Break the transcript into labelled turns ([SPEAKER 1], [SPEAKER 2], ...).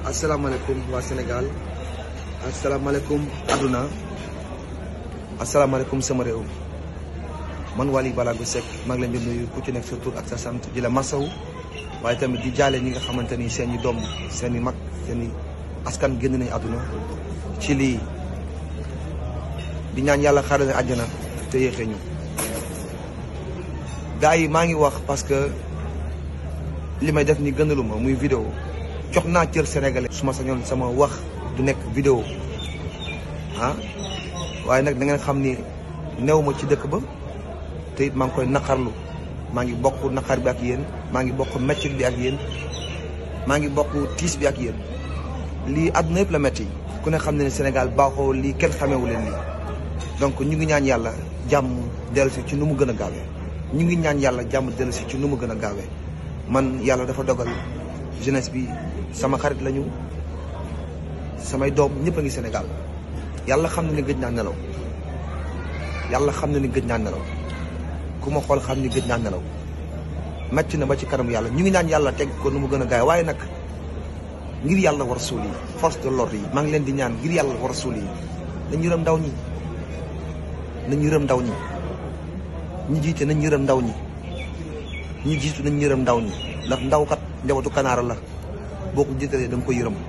[SPEAKER 1] Assalamualaikum wa Sénégal asalaamaaleykum aduna assalamualaikum sama réew man Waly Balago Seck maa ngi leen di nuyu ku ci nekk sa tur ak sa sant di la masaw tamit di ñi nga askan génn aduna ci lii di ñaan yàlla xaaral àjjana te yéexee ñu gars yi maa ngi wax parce que def ni gënaluma muy vidéo jox na cër sénégalais su ma sama wax du video, vidéo ah waaye nag da ngeen new ci dëkk ba te it maa koy naqarlu mangi ngi bokk bi ak yéen maa ngi bokk bi ak yéen maa ngi bokk bi ak yéen lii àdduna yëpp la metti ku ne xam Sénégal baaxoo lii kenn xamewu donc ñu ngi ñaan ci ñu ngi ñaan ci man yàlla dafa dogal jeunesse bi sama xarit lañu samay doom ñëpp a ngi Sénégal yàlla xam na ne gëj naa nelaw yàlla xam na ne gëj naa nelaw ku ma xool xam ni gëj naa nelaw màcc na ba ci kanam yàlla ñu ngi naan yàlla teg ko nu mu gën a gaay waaye nag ngir yàlla war suul yi force de l'ordre yi maa ngi leen di ñaan ngir yàlla war suul yi nañ yërëm ndaw ñi nañ yërëm ndaw ñi ñi jiite nañ yërëm ndaw ñi ñu jiitu nañ yërëm ndaw ñi ndax ndaw kat njabootu kanaara la boo ko jiitalee da nga ko yërëm